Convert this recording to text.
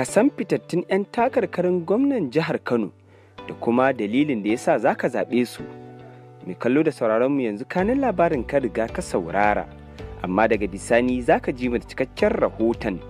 Ka san fitattun 'yan takarkarin gwamnan jihar Kano da kuma dalilin da ya sa za ka zaɓe su. Mai kallo da sauraronmu yanzu kanin labarin ka riga ka saurara, amma daga bisani za ka ji mu da cikakken rahoton